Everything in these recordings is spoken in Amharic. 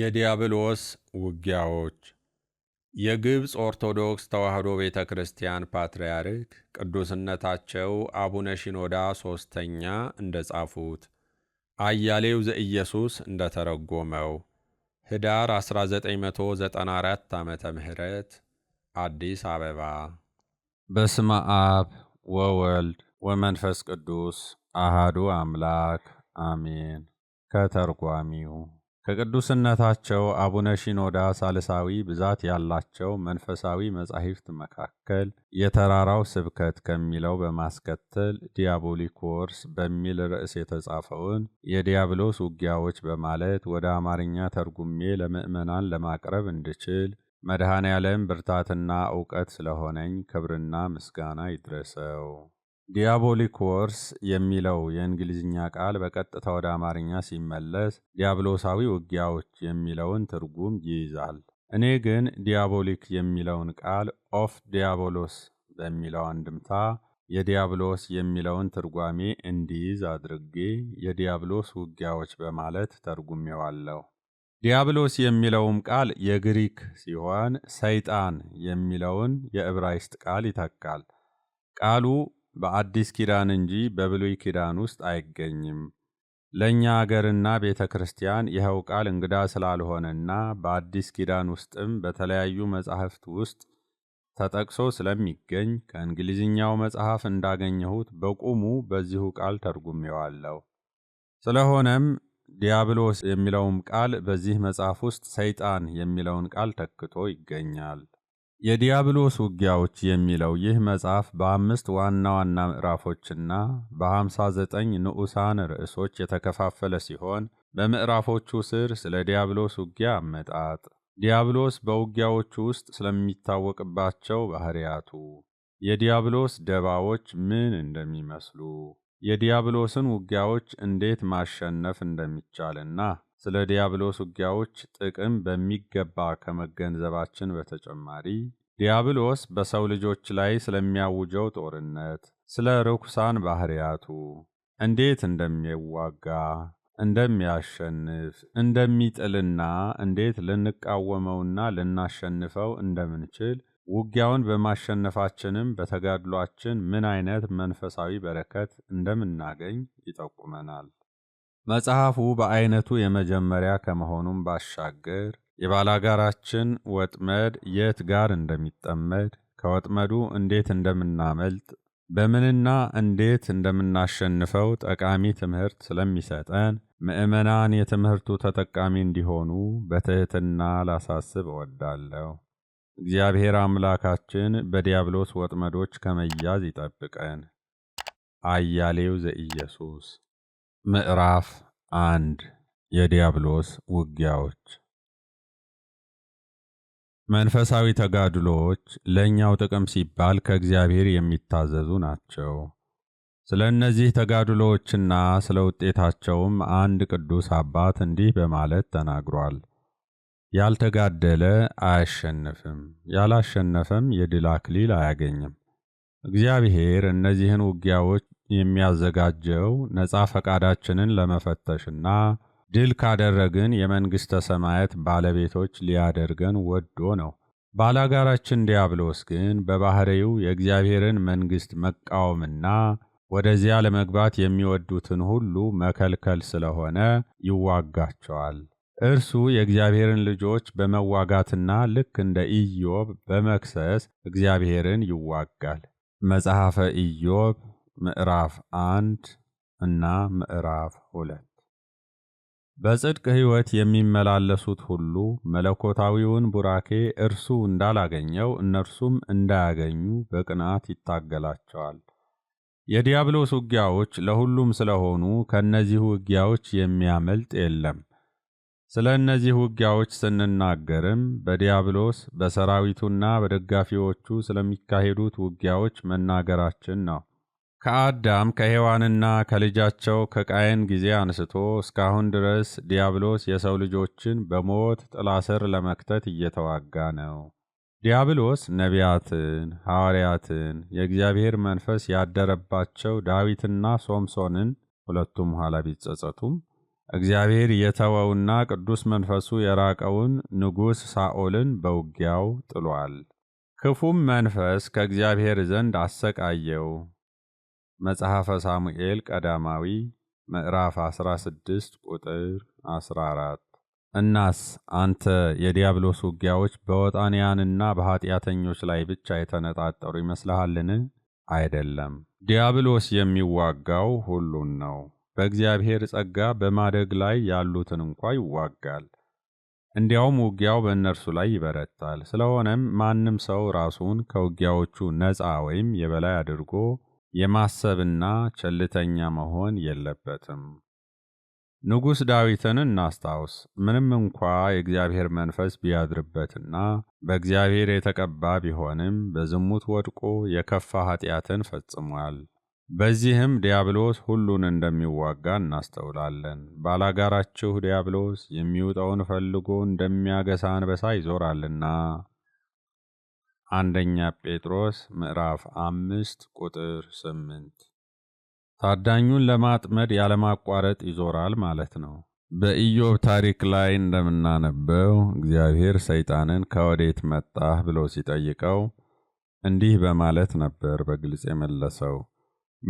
የዲያብሎስ ውጊያዎች የግብፅ ኦርቶዶክስ ተዋሕዶ ቤተ ክርስቲያን ፓትርያርክ ቅዱስነታቸው አቡነ ሺኖዳ ሦስተኛ እንደ ጻፉት አያሌው ዘኢየሱስ እንደ ተረጎመው ኅዳር 1994 ዓ ም አዲስ አበባ። በስመ አብ ወወልድ ወመንፈስ ቅዱስ አሃዱ አምላክ አሜን። ከተርጓሚው ከቅዱስነታቸው አቡነ ሺኖዳ ሳልሳዊ ብዛት ያላቸው መንፈሳዊ መጻሕፍት መካከል የተራራው ስብከት ከሚለው በማስከተል ዲያቦሊኮርስ በሚል ርዕስ የተጻፈውን የዲያብሎስ ውጊያዎች በማለት ወደ አማርኛ ተርጉሜ ለምዕመናን ለማቅረብ እንድችል መድኃኔ ዓለም ብርታትና ዕውቀት ስለሆነኝ ክብርና ምስጋና ይድረሰው። ዲያቦሊክ ወርስ የሚለው የእንግሊዝኛ ቃል በቀጥታ ወደ አማርኛ ሲመለስ ዲያብሎሳዊ ውጊያዎች የሚለውን ትርጉም ይይዛል። እኔ ግን ዲያቦሊክ የሚለውን ቃል ኦፍ ዲያቦሎስ በሚለው አንድምታ የዲያብሎስ የሚለውን ትርጓሜ እንዲይዝ አድርጌ የዲያብሎስ ውጊያዎች በማለት ተርጉሜዋለሁ። ዲያብሎስ የሚለውም ቃል የግሪክ ሲሆን ሰይጣን የሚለውን የዕብራይስጥ ቃል ይተካል። ቃሉ በአዲስ ኪዳን እንጂ በብሉይ ኪዳን ውስጥ አይገኝም። ለእኛ አገርና ቤተ ክርስቲያን ይኸው ቃል እንግዳ ስላልሆነና በአዲስ ኪዳን ውስጥም በተለያዩ መጻሕፍት ውስጥ ተጠቅሶ ስለሚገኝ ከእንግሊዝኛው መጽሐፍ እንዳገኘሁት በቁሙ በዚሁ ቃል ተርጉሜዋለሁ። ስለሆነም ዲያብሎስ የሚለውም ቃል በዚህ መጽሐፍ ውስጥ ሰይጣን የሚለውን ቃል ተክቶ ይገኛል። የዲያብሎስ ውጊያዎች የሚለው ይህ መጽሐፍ በአምስት ዋና ዋና ምዕራፎችና በሃምሳ ዘጠኝ ንዑሳን ርዕሶች የተከፋፈለ ሲሆን በምዕራፎቹ ስር ስለ ዲያብሎስ ውጊያ አመጣጥ፣ ዲያብሎስ በውጊያዎቹ ውስጥ ስለሚታወቅባቸው ባህሪያቱ፣ የዲያብሎስ ደባዎች ምን እንደሚመስሉ፣ የዲያብሎስን ውጊያዎች እንዴት ማሸነፍ እንደሚቻልና ስለ ዲያብሎስ ውጊያዎች ጥቅም በሚገባ ከመገንዘባችን በተጨማሪ ዲያብሎስ በሰው ልጆች ላይ ስለሚያውጀው ጦርነት፣ ስለ ርኩሳን ባሕርያቱ፣ እንዴት እንደሚዋጋ፣ እንደሚያሸንፍ፣ እንደሚጥልና እንዴት ልንቃወመውና ልናሸንፈው እንደምንችል ውጊያውን በማሸነፋችንም በተጋድሏችን ምን አይነት መንፈሳዊ በረከት እንደምናገኝ ይጠቁመናል። መጽሐፉ በዐይነቱ የመጀመሪያ ከመሆኑም ባሻገር የባላጋራችን ወጥመድ የት ጋር እንደሚጠመድ ከወጥመዱ እንዴት እንደምናመልጥ በምንና እንዴት እንደምናሸንፈው ጠቃሚ ትምህርት ስለሚሰጠን ምዕመናን የትምህርቱ ተጠቃሚ እንዲሆኑ በትሕትና ላሳስብ እወዳለሁ። እግዚአብሔር አምላካችን በዲያብሎስ ወጥመዶች ከመያዝ ይጠብቀን። አያሌው ዘኢየሱስ ምዕራፍ አንድ የዲያብሎስ ውጊያዎች። መንፈሳዊ ተጋድሎዎች ለእኛው ጥቅም ሲባል ከእግዚአብሔር የሚታዘዙ ናቸው። ስለ እነዚህ ተጋድሎዎችና ስለ ውጤታቸውም አንድ ቅዱስ አባት እንዲህ በማለት ተናግሯል። ያልተጋደለ አያሸንፍም፣ ያላሸነፈም የድል አክሊል አያገኝም። እግዚአብሔር እነዚህን ውጊያዎች የሚያዘጋጀው ነፃ ፈቃዳችንን ለመፈተሽና ድል ካደረግን የመንግሥተ ሰማያት ባለቤቶች ሊያደርገን ወዶ ነው። ባላጋራችን ዲያብሎስ ግን በባሕርዩ የእግዚአብሔርን መንግሥት መቃወምና ወደዚያ ለመግባት የሚወዱትን ሁሉ መከልከል ስለሆነ ይዋጋቸዋል። እርሱ የእግዚአብሔርን ልጆች በመዋጋትና ልክ እንደ ኢዮብ በመክሰስ እግዚአብሔርን ይዋጋል። መጽሐፈ ኢዮብ ምዕራፍ አንድ እና ምዕራፍ ሁለት በጽድቅ ሕይወት የሚመላለሱት ሁሉ መለኮታዊውን ቡራኬ እርሱ እንዳላገኘው እነርሱም እንዳያገኙ በቅንዓት ይታገላቸዋል። የዲያብሎስ ውጊያዎች ለሁሉም ስለሆኑ ከእነዚህ ውጊያዎች የሚያመልጥ የለም። ስለ እነዚህ ውጊያዎች ስንናገርም በዲያብሎስ በሰራዊቱና በደጋፊዎቹ ስለሚካሄዱት ውጊያዎች መናገራችን ነው። ከአዳም ከሔዋንና ከልጃቸው ከቃየን ጊዜ አንስቶ እስካሁን ድረስ ዲያብሎስ የሰው ልጆችን በሞት ጥላ ስር ለመክተት እየተዋጋ ነው። ዲያብሎስ ነቢያትን፣ ሐዋርያትን፣ የእግዚአብሔር መንፈስ ያደረባቸው ዳዊትና ሶምሶንን ሁለቱም ኋላ ቢጸጸቱም እግዚአብሔር የተወውና ቅዱስ መንፈሱ የራቀውን ንጉሥ ሳኦልን በውጊያው ጥሏል። ክፉም መንፈስ ከእግዚአብሔር ዘንድ አሰቃየው፣ መጽሐፈ ሳሙኤል ቀዳማዊ ምዕራፍ 16 ቁጥር 14 እናስ አንተ የዲያብሎስ ውጊያዎች በወጣንያንና በኀጢአተኞች ላይ ብቻ የተነጣጠሩ ይመስልሃልን? አይደለም። ዲያብሎስ የሚዋጋው ሁሉን ነው። በእግዚአብሔር ጸጋ በማደግ ላይ ያሉትን እንኳ ይዋጋል። እንዲያውም ውጊያው በእነርሱ ላይ ይበረታል። ስለሆነም ማንም ሰው ራሱን ከውጊያዎቹ ነፃ ወይም የበላይ አድርጎ የማሰብና ቸልተኛ መሆን የለበትም። ንጉሥ ዳዊትን እናስታውስ። ምንም እንኳ የእግዚአብሔር መንፈስ ቢያድርበትና በእግዚአብሔር የተቀባ ቢሆንም በዝሙት ወድቆ የከፋ ኃጢአትን ፈጽሟል። በዚህም ዲያብሎስ ሁሉን እንደሚዋጋ እናስተውላለን። ባላጋራችሁ ዲያብሎስ የሚውጠውን ፈልጎ እንደሚያገሳ አንበሳ ይዞራልና አንደኛ ጴጥሮስ ምዕራፍ አምስት ቁጥር ስምንት ታዳኙን ለማጥመድ ያለማቋረጥ ይዞራል ማለት ነው። በኢዮብ ታሪክ ላይ እንደምናነበው እግዚአብሔር ሰይጣንን ከወዴት መጣህ ብሎ ሲጠይቀው እንዲህ በማለት ነበር በግልጽ የመለሰው፣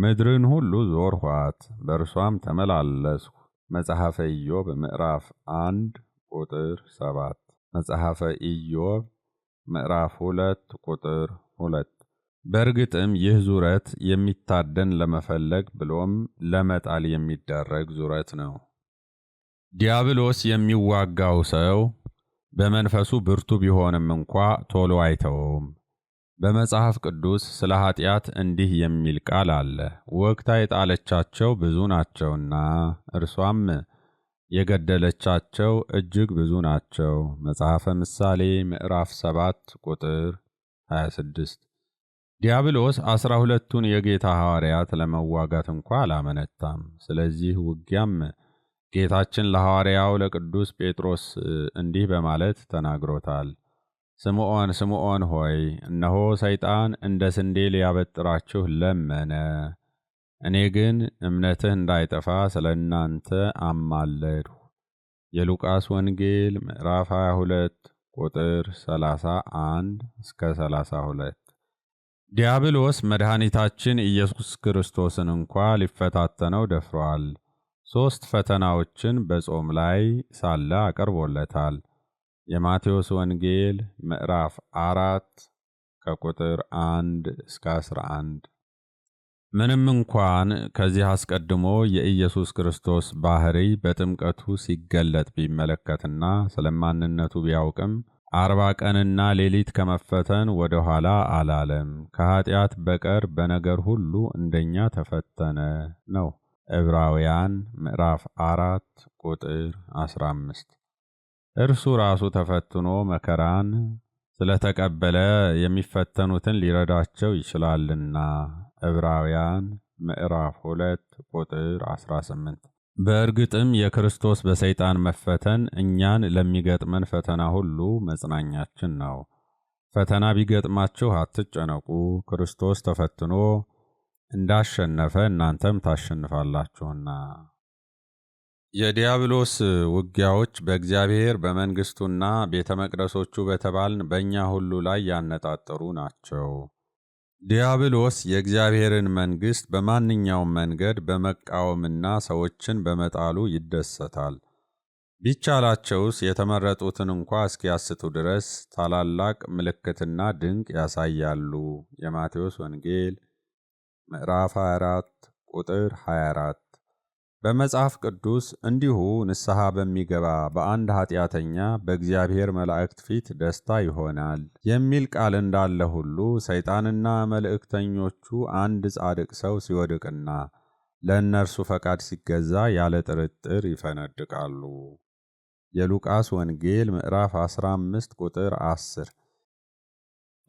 ምድርን ሁሉ ዞርኋት፣ በእርሷም ተመላለስሁ። መጽሐፈ ኢዮብ ምዕራፍ አንድ ቁጥር ሰባት መጽሐፈ ኢዮብ ምዕራፍ ሁለት ቁጥር ሁለት በእርግጥም ይህ ዙረት የሚታደን ለመፈለግ ብሎም ለመጣል የሚደረግ ዙረት ነው። ዲያብሎስ የሚዋጋው ሰው በመንፈሱ ብርቱ ቢሆንም እንኳ ቶሎ አይተውም። በመጽሐፍ ቅዱስ ስለ ኃጢአት እንዲህ የሚል ቃል አለ፣ ወግታ የጣለቻቸው ብዙ ናቸውና እርሷም የገደለቻቸው እጅግ ብዙ ናቸው። መጽሐፈ ምሳሌ ምዕራፍ 7 ቁጥር 26። ዲያብሎስ አስራ ሁለቱን የጌታ ሐዋርያት ለመዋጋት እንኳ አላመነታም። ስለዚህ ውጊያም ጌታችን ለሐዋርያው ለቅዱስ ጴጥሮስ እንዲህ በማለት ተናግሮታል። ስምዖን ስምዖን ሆይ እነሆ ሰይጣን እንደ ስንዴ ሊያበጥራችሁ ለመነ እኔ ግን እምነትህ እንዳይጠፋ ስለ እናንተ አማለድሁ። የሉቃስ ወንጌል ምዕራፍ 22 ቁጥር 31 እስከ 32። ዲያብሎስ መድኃኒታችን ኢየሱስ ክርስቶስን እንኳ ሊፈታተነው ደፍሯል። ሦስት ፈተናዎችን በጾም ላይ ሳለ አቅርቦለታል። የማቴዎስ ወንጌል ምዕራፍ አራት ከቁጥር አንድ እስከ 11። ምንም እንኳን ከዚህ አስቀድሞ የኢየሱስ ክርስቶስ ባሕርይ በጥምቀቱ ሲገለጥ ቢመለከትና ስለማንነቱ ቢያውቅም አርባ ቀንና ሌሊት ከመፈተን ወደ ኋላ አላለም። ከኀጢአት በቀር በነገር ሁሉ እንደኛ ተፈተነ ነው። ዕብራውያን ምዕራፍ አራት ቁጥር አስራ አምስት እርሱ ራሱ ተፈትኖ መከራን ስለተቀበለ የሚፈተኑትን ሊረዳቸው ይችላልና ዕብራውያን ምዕራፍ 2 ቁጥር 18 በእርግጥም የክርስቶስ በሰይጣን መፈተን እኛን ለሚገጥመን ፈተና ሁሉ መጽናኛችን ነው። ፈተና ቢገጥማችሁ አትጨነቁ፣ ክርስቶስ ተፈትኖ እንዳሸነፈ እናንተም ታሸንፋላችሁና። የዲያብሎስ ውጊያዎች በእግዚአብሔር በመንግሥቱና ቤተ መቅደሶቹ በተባልን በእኛ ሁሉ ላይ ያነጣጠሩ ናቸው። ዲያብሎስ የእግዚአብሔርን መንግሥት በማንኛውም መንገድ በመቃወምና ሰዎችን በመጣሉ ይደሰታል። ቢቻላቸውስ የተመረጡትን እንኳ እስኪያስቱ ድረስ ታላላቅ ምልክትና ድንቅ ያሳያሉ። የማቴዎስ ወንጌል ምዕራፍ 24 ቁጥር 24 በመጽሐፍ ቅዱስ እንዲሁ ንስሐ በሚገባ በአንድ ኃጢአተኛ በእግዚአብሔር መላእክት ፊት ደስታ ይሆናል የሚል ቃል እንዳለ ሁሉ ሰይጣንና መልእክተኞቹ አንድ ጻድቅ ሰው ሲወድቅና ለእነርሱ ፈቃድ ሲገዛ ያለ ጥርጥር ይፈነድቃሉ። የሉቃስ ወንጌል ምዕራፍ 15 ቁጥር 10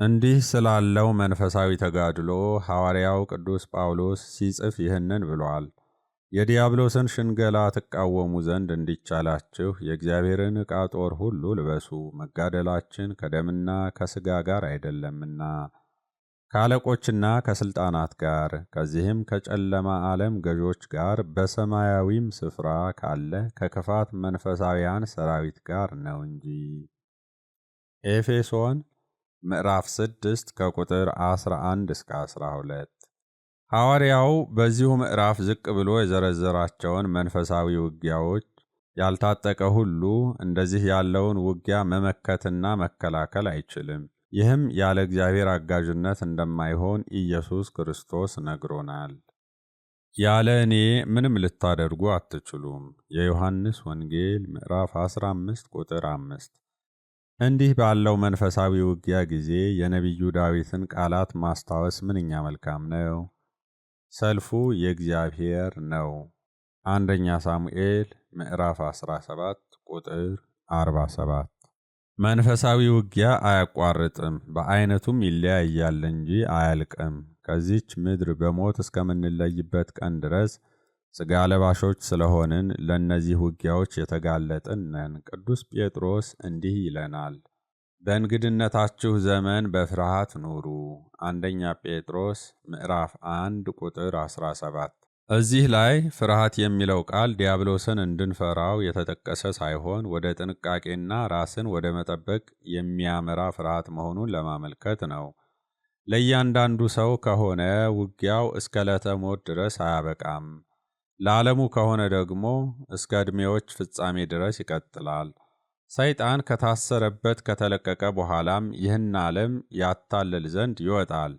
እንዲህ ስላለው መንፈሳዊ ተጋድሎ ሐዋርያው ቅዱስ ጳውሎስ ሲጽፍ ይህንን ብሏል። የዲያብሎስን ሽንገላ ትቃወሙ ዘንድ እንዲቻላችሁ የእግዚአብሔርን ዕቃ ጦር ሁሉ ልበሱ። መጋደላችን ከደምና ከሥጋ ጋር አይደለምና ከአለቆችና ከሥልጣናት ጋር ከዚህም ከጨለማ ዓለም ገዦች ጋር በሰማያዊም ስፍራ ካለ ከክፋት መንፈሳውያን ሰራዊት ጋር ነው እንጂ። ኤፌሶን ምዕራፍ 6 ከቁጥር 11 እስከ 12 ሐዋርያው በዚሁ ምዕራፍ ዝቅ ብሎ የዘረዘራቸውን መንፈሳዊ ውጊያዎች ያልታጠቀ ሁሉ እንደዚህ ያለውን ውጊያ መመከትና መከላከል አይችልም። ይህም ያለ እግዚአብሔር አጋዥነት እንደማይሆን ኢየሱስ ክርስቶስ ነግሮናል። ያለ እኔ ምንም ልታደርጉ አትችሉም። የዮሐንስ ወንጌል ምዕራፍ 15 ቁጥር 5። እንዲህ ባለው መንፈሳዊ ውጊያ ጊዜ የነቢዩ ዳዊትን ቃላት ማስታወስ ምንኛ መልካም ነው። ሰልፉ የእግዚአብሔር ነው። አንደኛ ሳሙኤል ምዕራፍ 17 ቁጥር 47። መንፈሳዊ ውጊያ አያቋርጥም፣ በአይነቱም ይለያያል እንጂ አያልቅም። ከዚች ምድር በሞት እስከምንለይበት ቀን ድረስ ሥጋ ለባሾች ስለሆንን ለእነዚህ ውጊያዎች የተጋለጥን ነን። ቅዱስ ጴጥሮስ እንዲህ ይለናል በእንግድነታችሁ ዘመን በፍርሃት ኑሩ። አንደኛ ጴጥሮስ ምዕራፍ 1 ቁጥር 17። እዚህ ላይ ፍርሃት የሚለው ቃል ዲያብሎስን እንድንፈራው የተጠቀሰ ሳይሆን ወደ ጥንቃቄና ራስን ወደ መጠበቅ የሚያመራ ፍርሃት መሆኑን ለማመልከት ነው። ለእያንዳንዱ ሰው ከሆነ ውጊያው እስከ ዕለተ ሞት ድረስ አያበቃም። ለዓለሙ ከሆነ ደግሞ እስከ ዕድሜዎች ፍጻሜ ድረስ ይቀጥላል። ሰይጣን ከታሰረበት ከተለቀቀ በኋላም ይህን ዓለም ያታልል ዘንድ ይወጣል።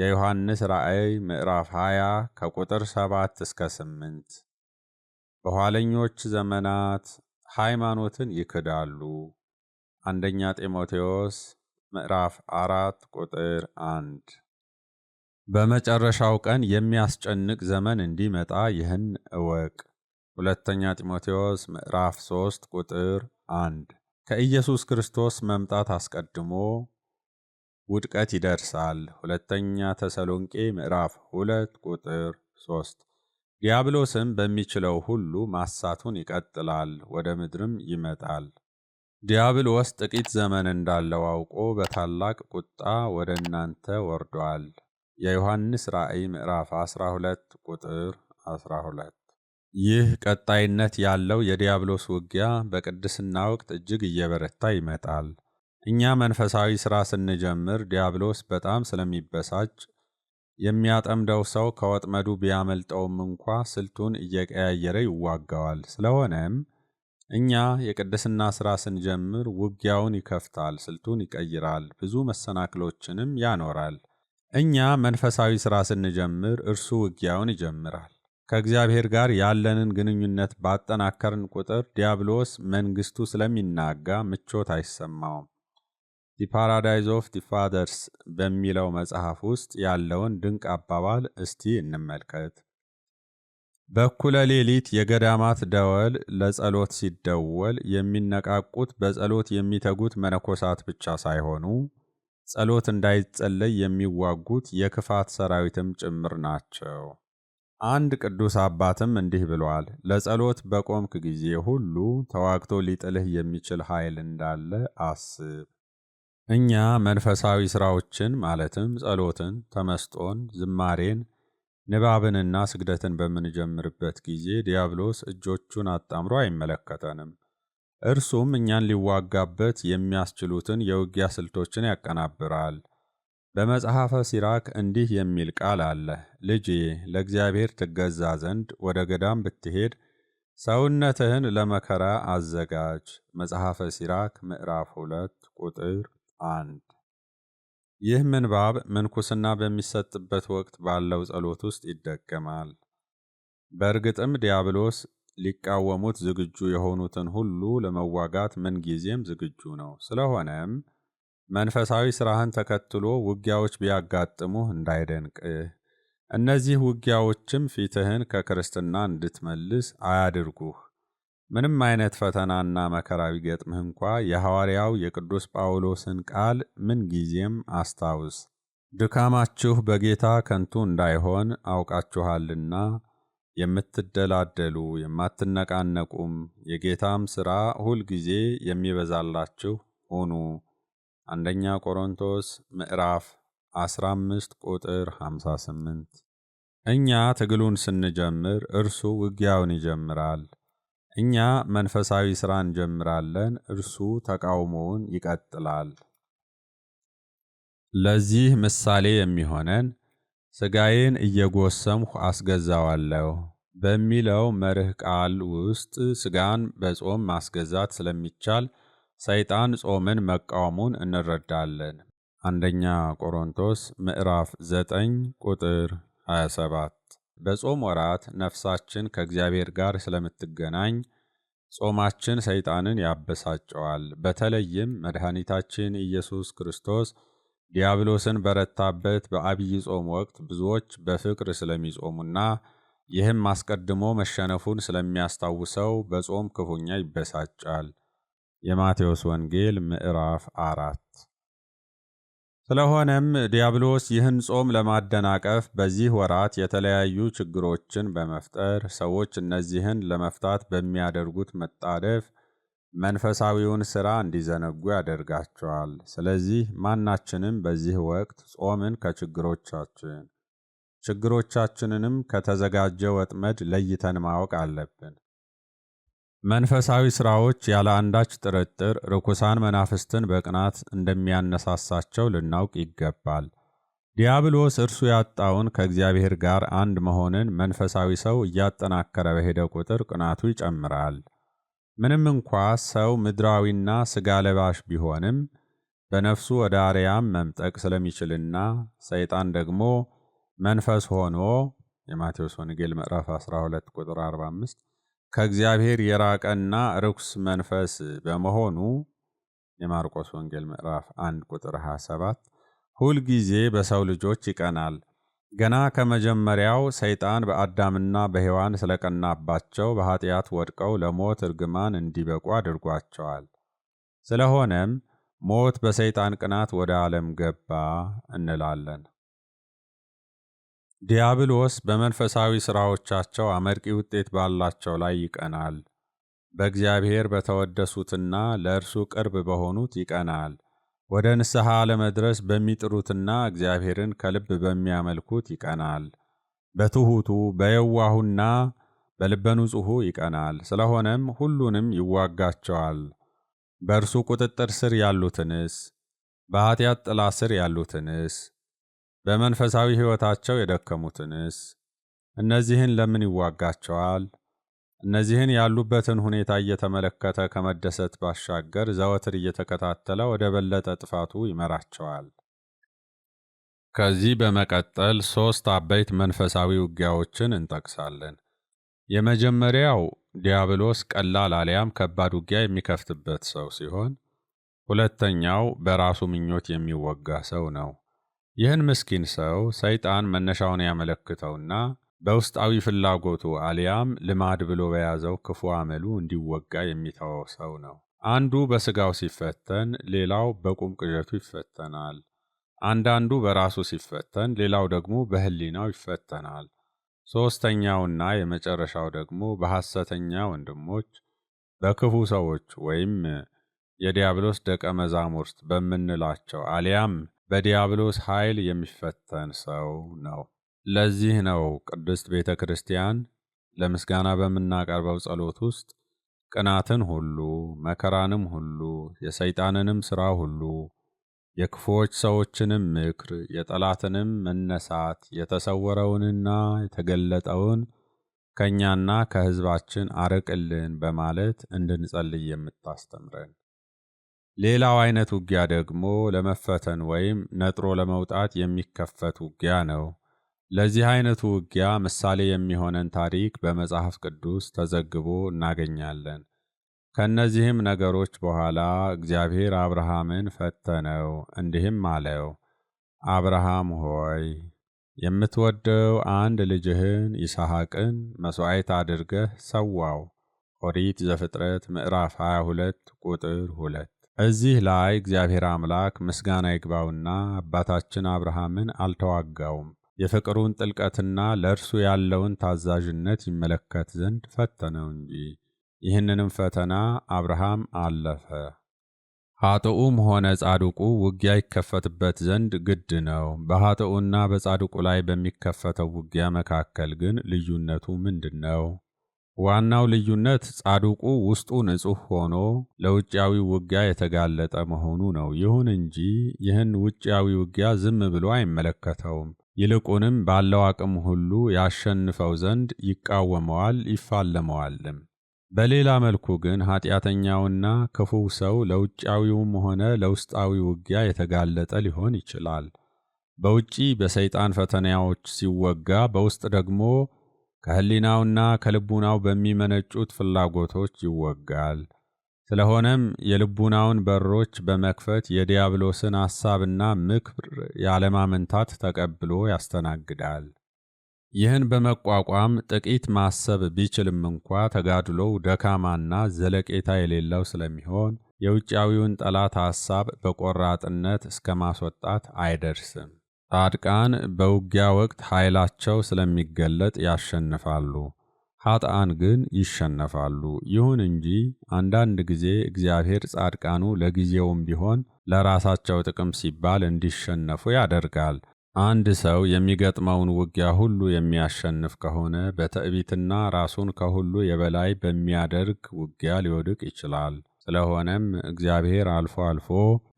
የዮሐንስ ራእይ ምዕራፍ 20 ከቁጥር 7 እስከ 8። በኋለኞች ዘመናት ሃይማኖትን ይክዳሉ። አንደኛ ጢሞቴዎስ ምዕራፍ 4 ቁጥር 1። በመጨረሻው ቀን የሚያስጨንቅ ዘመን እንዲመጣ ይህን እወቅ። ሁለተኛ ጢሞቴዎስ ምዕራፍ 3 ቁጥር አንድ ከኢየሱስ ክርስቶስ መምጣት አስቀድሞ ውድቀት ይደርሳል። ሁለተኛ ተሰሎንቄ ምዕራፍ ሁለት ቁጥር ሶስት ዲያብሎስም በሚችለው ሁሉ ማሳቱን ይቀጥላል፣ ወደ ምድርም ይመጣል። ዲያብሎስ ጥቂት ዘመን እንዳለው አውቆ በታላቅ ቁጣ ወደ እናንተ ወርዷል። የዮሐንስ ራእይ ምዕራፍ 12 ቁጥር 12 ይህ ቀጣይነት ያለው የዲያብሎስ ውጊያ በቅድስና ወቅት እጅግ እየበረታ ይመጣል። እኛ መንፈሳዊ ሥራ ስንጀምር ዲያብሎስ በጣም ስለሚበሳጭ የሚያጠምደው ሰው ከወጥመዱ ቢያመልጠውም እንኳ ስልቱን እየቀያየረ ይዋጋዋል። ስለሆነም እኛ የቅድስና ሥራ ስንጀምር ውጊያውን ይከፍታል፣ ስልቱን ይቀይራል፣ ብዙ መሰናክሎችንም ያኖራል። እኛ መንፈሳዊ ሥራ ስንጀምር እርሱ ውጊያውን ይጀምራል። ከእግዚአብሔር ጋር ያለንን ግንኙነት ባጠናከርን ቁጥር ዲያብሎስ መንግስቱ ስለሚናጋ ምቾት አይሰማውም። ዲ ፓራዳይዝ ኦፍ ዲ ፋደርስ በሚለው መጽሐፍ ውስጥ ያለውን ድንቅ አባባል እስቲ እንመልከት። በኩለ ሌሊት የገዳማት ደወል ለጸሎት ሲደወል የሚነቃቁት በጸሎት የሚተጉት መነኮሳት ብቻ ሳይሆኑ ጸሎት እንዳይጸለይ የሚዋጉት የክፋት ሰራዊትም ጭምር ናቸው። አንድ ቅዱስ አባትም እንዲህ ብለዋል፣ ለጸሎት በቆምክ ጊዜ ሁሉ ተዋግቶ ሊጥልህ የሚችል ኃይል እንዳለ አስብ። እኛ መንፈሳዊ ሥራዎችን ማለትም ጸሎትን፣ ተመስጦን፣ ዝማሬን፣ ንባብንና ስግደትን በምንጀምርበት ጊዜ ዲያብሎስ እጆቹን አጣምሮ አይመለከተንም። እርሱም እኛን ሊዋጋበት የሚያስችሉትን የውጊያ ስልቶችን ያቀናብራል። በመጽሐፈ ሲራክ እንዲህ የሚል ቃል አለ። ልጄ ለእግዚአብሔር ትገዛ ዘንድ ወደ ገዳም ብትሄድ ሰውነትህን ለመከራ አዘጋጅ። መጽሐፈ ሲራክ ምዕራፍ 2 ቁጥር 1 ይህ ምንባብ ምንኩስና በሚሰጥበት ወቅት ባለው ጸሎት ውስጥ ይደገማል። በእርግጥም ዲያብሎስ ሊቃወሙት ዝግጁ የሆኑትን ሁሉ ለመዋጋት ምንጊዜም ዝግጁ ነው። ስለሆነም መንፈሳዊ ስራህን ተከትሎ ውጊያዎች ቢያጋጥሙህ እንዳይደንቅህ። እነዚህ ውጊያዎችም ፊትህን ከክርስትና እንድትመልስ አያድርጉህ። ምንም አይነት ፈተናና መከራ ቢገጥምህ እንኳ የሐዋርያው የቅዱስ ጳውሎስን ቃል ምን ጊዜም አስታውስ። ድካማችሁ በጌታ ከንቱ እንዳይሆን አውቃችኋልና የምትደላደሉ የማትነቃነቁም የጌታም ሥራ ሁልጊዜ የሚበዛላችሁ ሆኑ አንደኛ ቆሮንቶስ ምዕራፍ 15 ቁጥር 58 እኛ ትግሉን ስንጀምር እርሱ ውጊያውን ይጀምራል። እኛ መንፈሳዊ ሥራ እንጀምራለን፣ እርሱ ተቃውሞውን ይቀጥላል። ለዚህ ምሳሌ የሚሆነን ሥጋዬን እየጎሰምሁ አስገዛዋለሁ በሚለው መርህ ቃል ውስጥ ሥጋን በጾም ማስገዛት ስለሚቻል ሰይጣን ጾምን መቃወሙን እንረዳለን። አንደኛ ቆሮንቶስ ምዕራፍ 9 ቁጥር 27። በጾም ወራት ነፍሳችን ከእግዚአብሔር ጋር ስለምትገናኝ ጾማችን ሰይጣንን ያበሳጨዋል። በተለይም መድኃኒታችን ኢየሱስ ክርስቶስ ዲያብሎስን በረታበት በአብይ ጾም ወቅት ብዙዎች በፍቅር ስለሚጾሙና ይህም አስቀድሞ መሸነፉን ስለሚያስታውሰው በጾም ክፉኛ ይበሳጫል። የማቴዎስ ወንጌል ምዕራፍ አራት ስለሆነም ዲያብሎስ ይህን ጾም ለማደናቀፍ በዚህ ወራት የተለያዩ ችግሮችን በመፍጠር ሰዎች እነዚህን ለመፍታት በሚያደርጉት መጣደፍ መንፈሳዊውን ሥራ እንዲዘነጉ ያደርጋቸዋል። ስለዚህ ማናችንም በዚህ ወቅት ጾምን ከችግሮቻችን ችግሮቻችንንም ከተዘጋጀ ወጥመድ ለይተን ማወቅ አለብን። መንፈሳዊ ሥራዎች ያለ አንዳች ጥርጥር ርኩሳን መናፍስትን በቅናት እንደሚያነሳሳቸው ልናውቅ ይገባል። ዲያብሎስ እርሱ ያጣውን ከእግዚአብሔር ጋር አንድ መሆንን መንፈሳዊ ሰው እያጠናከረ በሄደ ቁጥር ቅናቱ ይጨምራል። ምንም እንኳ ሰው ምድራዊና ሥጋ ለባሽ ቢሆንም በነፍሱ ወደ አርያም መምጠቅ ስለሚችልና ሰይጣን ደግሞ መንፈስ ሆኖ የማቴዎስ ወንጌል ምዕራፍ 12 ቁጥር 45 ከእግዚአብሔር የራቀና ርኩስ መንፈስ በመሆኑ የማርቆስ ወንጌል ምዕራፍ 1 ቁጥር 27 ሁልጊዜ በሰው ልጆች ይቀናል። ገና ከመጀመሪያው ሰይጣን በአዳምና በሔዋን ስለቀናባቸው በኃጢአት ወድቀው ለሞት እርግማን እንዲበቁ አድርጓቸዋል። ስለሆነም ሞት በሰይጣን ቅናት ወደ ዓለም ገባ እንላለን። ዲያብሎስ በመንፈሳዊ ሥራዎቻቸው አመርቂ ውጤት ባላቸው ላይ ይቀናል። በእግዚአብሔር በተወደሱትና ለእርሱ ቅርብ በሆኑት ይቀናል። ወደ ንስሐ ለመድረስ በሚጥሩትና እግዚአብሔርን ከልብ በሚያመልኩት ይቀናል። በትሑቱ በየዋሁና በልበ ንጹሑ ይቀናል። ስለሆነም ሁሉንም ይዋጋቸዋል። በእርሱ ቁጥጥር ስር ያሉትንስ በኃጢአት ጥላ ስር ያሉትንስ በመንፈሳዊ ሕይወታቸው የደከሙትንስ? እነዚህን ለምን ይዋጋቸዋል? እነዚህን ያሉበትን ሁኔታ እየተመለከተ ከመደሰት ባሻገር ዘወትር እየተከታተለ ወደ በለጠ ጥፋቱ ይመራቸዋል። ከዚህ በመቀጠል ሦስት አበይት መንፈሳዊ ውጊያዎችን እንጠቅሳለን። የመጀመሪያው ዲያብሎስ ቀላል አሊያም ከባድ ውጊያ የሚከፍትበት ሰው ሲሆን፣ ሁለተኛው በራሱ ምኞት የሚወጋ ሰው ነው። ይህን ምስኪን ሰው ሰይጣን መነሻውን ያመለክተውና በውስጣዊ ፍላጎቱ አሊያም ልማድ ብሎ በያዘው ክፉ አመሉ እንዲወጋ የሚተወው ሰው ነው። አንዱ በሥጋው ሲፈተን፣ ሌላው በቁም ቅዠቱ ይፈተናል። አንዳንዱ በራሱ ሲፈተን፣ ሌላው ደግሞ በሕሊናው ይፈተናል። ሦስተኛውና የመጨረሻው ደግሞ በሐሰተኛ ወንድሞች፣ በክፉ ሰዎች ወይም የዲያብሎስ ደቀ መዛሙርት በምንላቸው አሊያም በዲያብሎስ ኃይል የሚፈተን ሰው ነው። ለዚህ ነው ቅድስት ቤተ ክርስቲያን ለምስጋና በምናቀርበው ጸሎት ውስጥ ቅናትን ሁሉ፣ መከራንም ሁሉ፣ የሰይጣንንም ሥራ ሁሉ፣ የክፉዎች ሰዎችንም ምክር፣ የጠላትንም መነሳት፣ የተሰወረውንና የተገለጠውን ከእኛና ከሕዝባችን አርቅልን በማለት እንድንጸልይ የምታስተምረን ሌላው አይነት ውጊያ ደግሞ ለመፈተን ወይም ነጥሮ ለመውጣት የሚከፈት ውጊያ ነው። ለዚህ አይነቱ ውጊያ ምሳሌ የሚሆነን ታሪክ በመጽሐፍ ቅዱስ ተዘግቦ እናገኛለን። ከእነዚህም ነገሮች በኋላ እግዚአብሔር አብርሃምን ፈተነው፣ እንዲህም አለው፦ አብርሃም ሆይ የምትወደው አንድ ልጅህን ይስሐቅን መሥዋዕት አድርገህ ሰዋው። ኦሪት ዘፍጥረት ምዕራፍ 22 ቁጥር 2 እዚህ ላይ እግዚአብሔር አምላክ ምስጋና ይግባውና አባታችን አብርሃምን አልተዋጋውም፣ የፍቅሩን ጥልቀትና ለእርሱ ያለውን ታዛዥነት ይመለከት ዘንድ ፈተነው እንጂ። ይህንንም ፈተና አብርሃም አለፈ። ኃጥኡም ሆነ ጻድቁ ውጊያ ይከፈትበት ዘንድ ግድ ነው። በኃጥኡና በጻድቁ ላይ በሚከፈተው ውጊያ መካከል ግን ልዩነቱ ምንድን ነው? ዋናው ልዩነት ጻድቁ ውስጡ ንጹሕ ሆኖ ለውጫዊ ውጊያ የተጋለጠ መሆኑ ነው። ይሁን እንጂ ይህን ውጫዊ ውጊያ ዝም ብሎ አይመለከተውም። ይልቁንም ባለው አቅም ሁሉ ያሸንፈው ዘንድ ይቃወመዋል፣ ይፋለመዋልም። በሌላ መልኩ ግን ኃጢአተኛውና ክፉው ሰው ለውጫዊውም ሆነ ለውስጣዊ ውጊያ የተጋለጠ ሊሆን ይችላል። በውጪ በሰይጣን ፈተናዎች ሲወጋ፣ በውስጥ ደግሞ ከህሊናውና ከልቡናው በሚመነጩት ፍላጎቶች ይወጋል። ስለሆነም የልቡናውን በሮች በመክፈት የዲያብሎስን ሐሳብና ምክር ያለማመንታት ተቀብሎ ያስተናግዳል። ይህን በመቋቋም ጥቂት ማሰብ ቢችልም እንኳ ተጋድሎው ደካማና ዘለቄታ የሌለው ስለሚሆን የውጫዊውን ጠላት ሐሳብ በቆራጥነት እስከ ማስወጣት አይደርስም። ጻድቃን በውጊያ ወቅት ኃይላቸው ስለሚገለጥ ያሸንፋሉ፣ ኃጥአን ግን ይሸነፋሉ። ይሁን እንጂ አንዳንድ ጊዜ እግዚአብሔር ጻድቃኑ ለጊዜውም ቢሆን ለራሳቸው ጥቅም ሲባል እንዲሸነፉ ያደርጋል። አንድ ሰው የሚገጥመውን ውጊያ ሁሉ የሚያሸንፍ ከሆነ በትዕቢትና ራሱን ከሁሉ የበላይ በሚያደርግ ውጊያ ሊወድቅ ይችላል። ስለሆነም እግዚአብሔር አልፎ አልፎ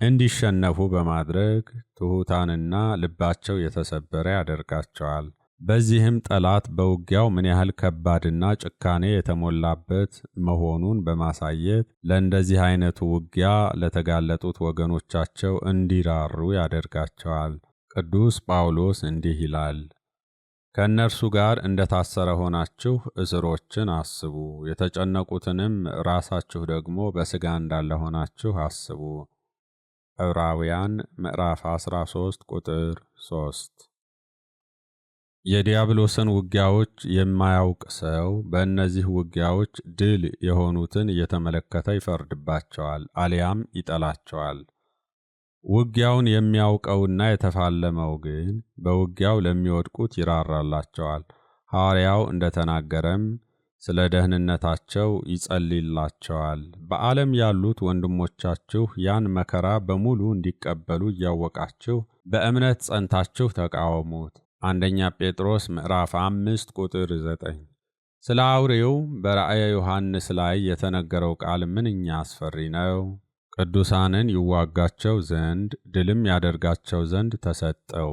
እንዲሸነፉ በማድረግ ትሑታንና ልባቸው የተሰበረ ያደርጋቸዋል። በዚህም ጠላት በውጊያው ምን ያህል ከባድና ጭካኔ የተሞላበት መሆኑን በማሳየት ለእንደዚህ አይነቱ ውጊያ ለተጋለጡት ወገኖቻቸው እንዲራሩ ያደርጋቸዋል። ቅዱስ ጳውሎስ እንዲህ ይላል፣ ከእነርሱ ጋር እንደ ታሰረ ሆናችሁ እስሮችን አስቡ፣ የተጨነቁትንም ራሳችሁ ደግሞ በሥጋ እንዳለ ሆናችሁ አስቡ። ዕብራውያን ምዕራፍ 13 ቁጥር 3 የዲያብሎስን ውጊያዎች የማያውቅ ሰው በእነዚህ ውጊያዎች ድል የሆኑትን እየተመለከተ ይፈርድባቸዋል አሊያም ይጠላቸዋል። ውጊያውን የሚያውቀውና የተፋለመው ግን በውጊያው ለሚወድቁት ይራራላቸዋል። ሐዋርያው እንደተናገረም ስለ ደህንነታቸው ይጸልይላቸዋል። በዓለም ያሉት ወንድሞቻችሁ ያን መከራ በሙሉ እንዲቀበሉ እያወቃችሁ በእምነት ጸንታችሁ ተቃወሙት። አንደኛ ጴጥሮስ ምዕራፍ አምስት ቁጥር ዘጠኝ ስለ አውሬው በራእየ ዮሐንስ ላይ የተነገረው ቃል ምንኛ አስፈሪ ነው! ቅዱሳንን ይዋጋቸው ዘንድ ድልም ያደርጋቸው ዘንድ ተሰጠው።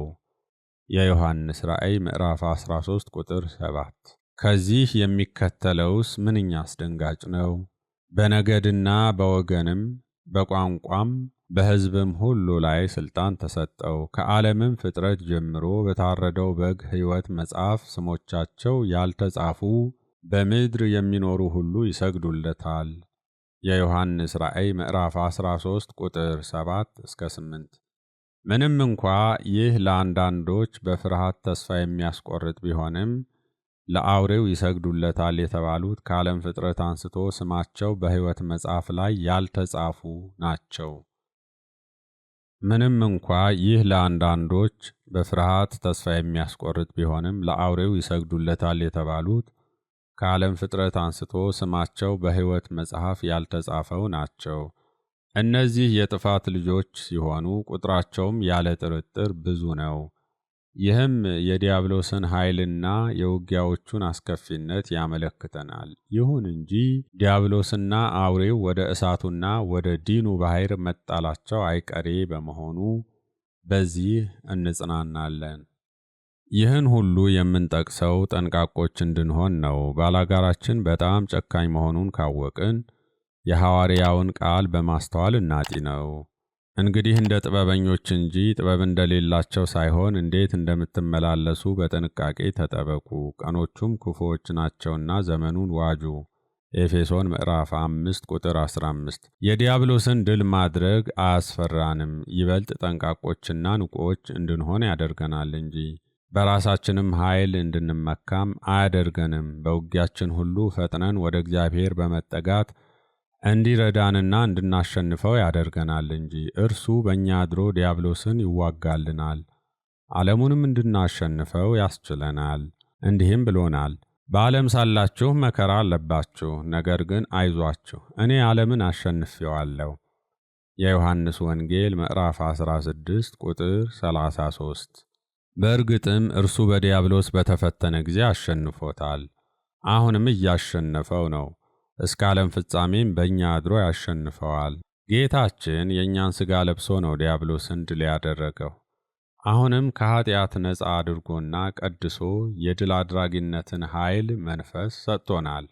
የዮሐንስ ራእይ ምዕራፍ 13 ቁጥር 7። ከዚህ የሚከተለውስ ምንኛ አስደንጋጭ ነው! በነገድና በወገንም በቋንቋም በሕዝብም ሁሉ ላይ ሥልጣን ተሰጠው። ከዓለምም ፍጥረት ጀምሮ በታረደው በግ ሕይወት መጽሐፍ ስሞቻቸው ያልተጻፉ በምድር የሚኖሩ ሁሉ ይሰግዱለታል። የዮሐንስ ራእይ ምዕራፍ 13 ቁጥር 7 እስከ 8 ምንም እንኳ ይህ ለአንዳንዶች በፍርሃት ተስፋ የሚያስቆርጥ ቢሆንም ለአውሬው ይሰግዱለታል የተባሉት ከዓለም ፍጥረት አንስቶ ስማቸው በሕይወት መጽሐፍ ላይ ያልተጻፉ ናቸው። ምንም እንኳ ይህ ለአንዳንዶች በፍርሃት ተስፋ የሚያስቆርጥ ቢሆንም ለአውሬው ይሰግዱለታል የተባሉት ከዓለም ፍጥረት አንስቶ ስማቸው በሕይወት መጽሐፍ ያልተጻፈው ናቸው። እነዚህ የጥፋት ልጆች ሲሆኑ ቁጥራቸውም ያለ ጥርጥር ብዙ ነው። ይህም የዲያብሎስን ኃይልና የውጊያዎቹን አስከፊነት ያመለክተናል። ይሁን እንጂ ዲያብሎስና አውሬው ወደ እሳቱና ወደ ዲኑ ባሕር መጣላቸው አይቀሬ በመሆኑ በዚህ እንጽናናለን። ይህን ሁሉ የምንጠቅሰው ጠንቃቆች እንድንሆን ነው። ባላጋራችን በጣም ጨካኝ መሆኑን ካወቅን የሐዋርያውን ቃል በማስተዋል እናጢ ነው። እንግዲህ እንደ ጥበበኞች እንጂ ጥበብ እንደሌላቸው ሳይሆን እንዴት እንደምትመላለሱ በጥንቃቄ ተጠበቁ፣ ቀኖቹም ክፉዎች ናቸውና ዘመኑን ዋጁ። ኤፌሶን ምዕራፍ 5 ቁጥር 15። የዲያብሎስን ድል ማድረግ አያስፈራንም፣ ይበልጥ ጠንቃቆችና ንቁዎች እንድንሆን ያደርገናል እንጂ በራሳችንም ኃይል እንድንመካም አያደርገንም። በውጊያችን ሁሉ ፈጥነን ወደ እግዚአብሔር በመጠጋት እንዲረዳንና እንድናሸንፈው ያደርገናል እንጂ እርሱ በእኛ አድሮ ዲያብሎስን ይዋጋልናል፣ ዓለሙንም እንድናሸንፈው ያስችለናል። እንዲህም ብሎናል፣ በዓለም ሳላችሁ መከራ አለባችሁ፣ ነገር ግን አይዟችሁ፣ እኔ ዓለምን አሸንፌዋለሁ። የዮሐንስ ወንጌል ምዕራፍ 16 ቁጥር 33 በእርግጥም እርሱ በዲያብሎስ በተፈተነ ጊዜ አሸንፎታል። አሁንም እያሸነፈው ነው። እስከ ዓለም ፍጻሜም በእኛ አድሮ ያሸንፈዋል። ጌታችን የእኛን ሥጋ ለብሶ ነው ዲያብሎስን ድል ያደረገው። አሁንም ከኀጢአት ነፃ አድርጎና ቀድሶ የድል አድራጊነትን ኃይል መንፈስ ሰጥቶናል።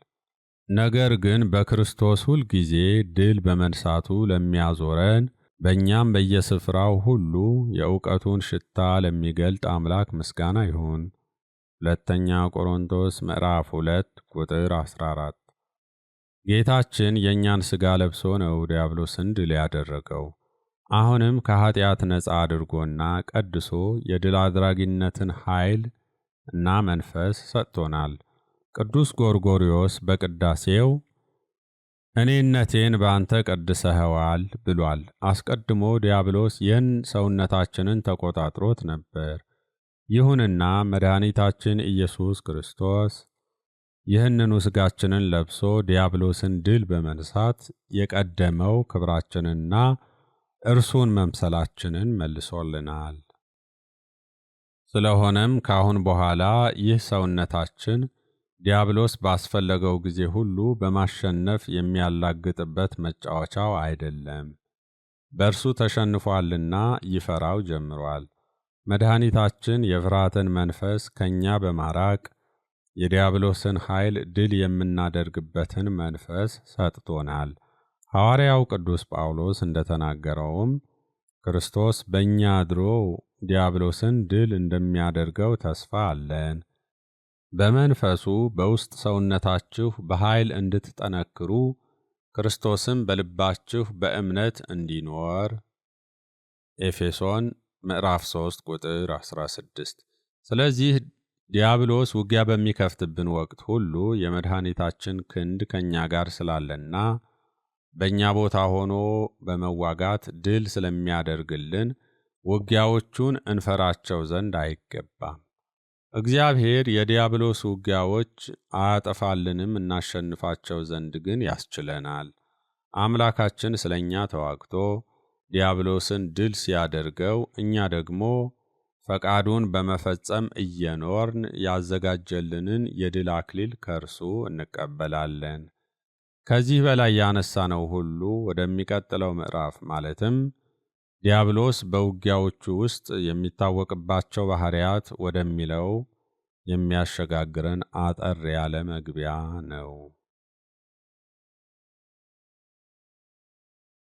ነገር ግን በክርስቶስ ሁል ጊዜ ድል በመንሳቱ ለሚያዞረን በእኛም በየስፍራው ሁሉ የእውቀቱን ሽታ ለሚገልጥ አምላክ ምስጋና ይሁን። ሁለተኛ ቆሮንቶስ ምዕራፍ ሁለት ቁጥር 14 ጌታችን የእኛን ሥጋ ለብሶ ነው ዲያብሎስን ድል ያደረገው። አሁንም ከኀጢአት ነፃ አድርጎና ቀድሶ የድል አድራጊነትን ኃይል እና መንፈስ ሰጥቶናል። ቅዱስ ጎርጎሪዮስ በቅዳሴው እኔነቴን በአንተ ቀድሰኸዋል ብሏል። አስቀድሞ ዲያብሎስ ይህን ሰውነታችንን ተቆጣጥሮት ነበር። ይሁንና መድኃኒታችን ኢየሱስ ክርስቶስ ይህንኑ ሥጋችንን ለብሶ ዲያብሎስን ድል በመንሳት የቀደመው ክብራችንና እርሱን መምሰላችንን መልሶልናል። ስለሆነም ካሁን በኋላ ይህ ሰውነታችን ዲያብሎስ ባስፈለገው ጊዜ ሁሉ በማሸነፍ የሚያላግጥበት መጫወቻው አይደለም። በእርሱ ተሸንፏልና ይፈራው ጀምሯል። መድኃኒታችን የፍርሃትን መንፈስ ከእኛ በማራቅ የዲያብሎስን ኃይል ድል የምናደርግበትን መንፈስ ሰጥቶናል። ሐዋርያው ቅዱስ ጳውሎስ እንደተናገረውም ክርስቶስ በእኛ አድሮ ዲያብሎስን ድል እንደሚያደርገው ተስፋ አለን። በመንፈሱ በውስጥ ሰውነታችሁ በኃይል እንድትጠነክሩ ክርስቶስም በልባችሁ በእምነት እንዲኖር ኤፌሶን ምዕራፍ 3 ቁጥር 16። ስለዚህ ዲያብሎስ ውጊያ በሚከፍትብን ወቅት ሁሉ የመድኃኒታችን ክንድ ከእኛ ጋር ስላለና በእኛ ቦታ ሆኖ በመዋጋት ድል ስለሚያደርግልን ውጊያዎቹን እንፈራቸው ዘንድ አይገባም። እግዚአብሔር የዲያብሎስ ውጊያዎች አያጠፋልንም፣ እናሸንፋቸው ዘንድ ግን ያስችለናል። አምላካችን ስለ እኛ ተዋግቶ ዲያብሎስን ድል ሲያደርገው እኛ ደግሞ ፈቃዱን በመፈጸም እየኖርን ያዘጋጀልንን የድል አክሊል ከእርሱ እንቀበላለን። ከዚህ በላይ ያነሳነው ሁሉ ወደሚቀጥለው ምዕራፍ ማለትም ዲያብሎስ በውጊያዎቹ ውስጥ የሚታወቅባቸው ባህሪያት ወደሚለው የሚያሸጋግረን አጠር ያለ መግቢያ ነው።